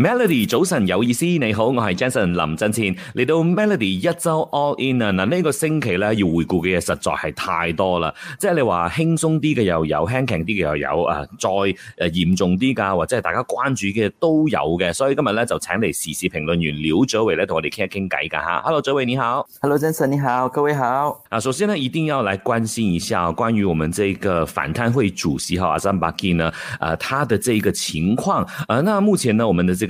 Melody 早晨有意思，你好，我係 Jason 林振前嚟到 Melody 一周 All In 啊！嗱，呢個星期咧，要回顧嘅嘢實在係太多啦，即係你話輕鬆啲嘅又有，輕強啲嘅又有啊、呃，再誒嚴、呃、重啲噶，或者係大家關注嘅都有嘅，所以今日咧就請嚟時事評論員廖祖偉咧同我哋傾一傾偈噶吓。Hello 祖偉你好，Hello Jason 你好，各位好。啊首先呢，一定要來關心一下關於我們這個反貪會主席哈阿 Azam Baki 呢，啊他的這個情況，啊那目前呢我們的這個。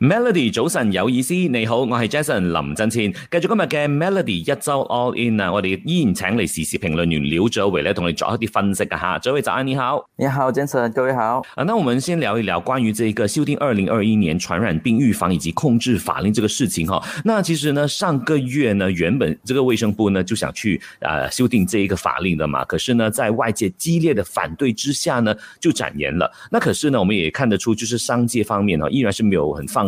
Melody 早晨有意思，你好，我係 Jason 林振清，繼續今日嘅 Melody 一周 All In 啊，我哋依然請你時事評論員劉哲偉咧，同你做一啲分析吓。各位早安，你好，你好 Jason，各位好。啊，那我們先聊一聊關於這個修訂二零二一年傳染病預防以及控制法令這個事情哈。那其實呢，上個月呢，原本這個衛生部呢就想去啊、呃、修訂這一個法令的嘛，可是呢，在外界激烈的反對之下呢，就展延了。那可是呢，我們也看得出，就是商界方面呢，依然是沒有很放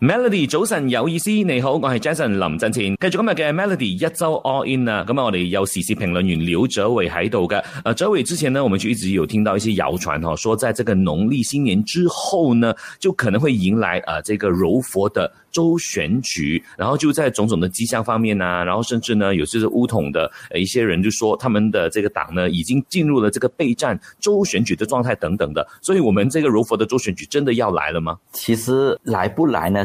Melody 早晨有意思，你好，我係 Jason 林振清。繼續今日嘅 Melody 一周 All In 啊，咁我哋有時事評論員劉，劉哲偉喺度嘅。呃、哲偉之前呢，我們就一直有聽到一些謠傳、哦，吓，說在這個農曆新年之後呢，就可能會迎來啊、呃。這個柔佛的州選舉，然後就在種種的跡象方面啊，然後甚至呢，有些是巫統的一些人就說，他們的這個黨呢，已經進入了這個備戰州選舉的狀態等等的。所以，我們這個柔佛的州選舉真的要來了嗎？其實來不來呢？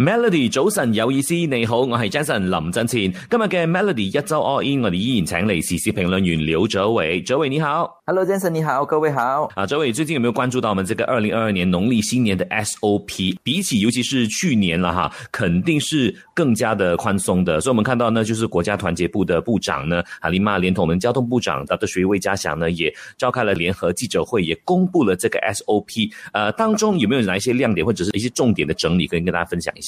Melody 早晨有意思，你好，我係 Jason 林振前。今日嘅 Melody 一周 all in，我哋依影請累 CC 評論員劉哲偉，哲偉你好。Hello，Jason 你好，各位好。啊，佐偉最近有沒有關注到我們這個二零二二年農曆新年的 SOP？比起尤其是去年啦，哈，肯定是更加的寬鬆的。所以，我們看到呢，就是國家團結部的部長呢，阿里瑪連同我們交通部長 WWE 魏嘉祥呢，也召開了聯合記者會，也公布了這個 SOP。誒、呃，當中有沒有哪一些亮點或者是一些重點的整理，可以跟大家分享一下？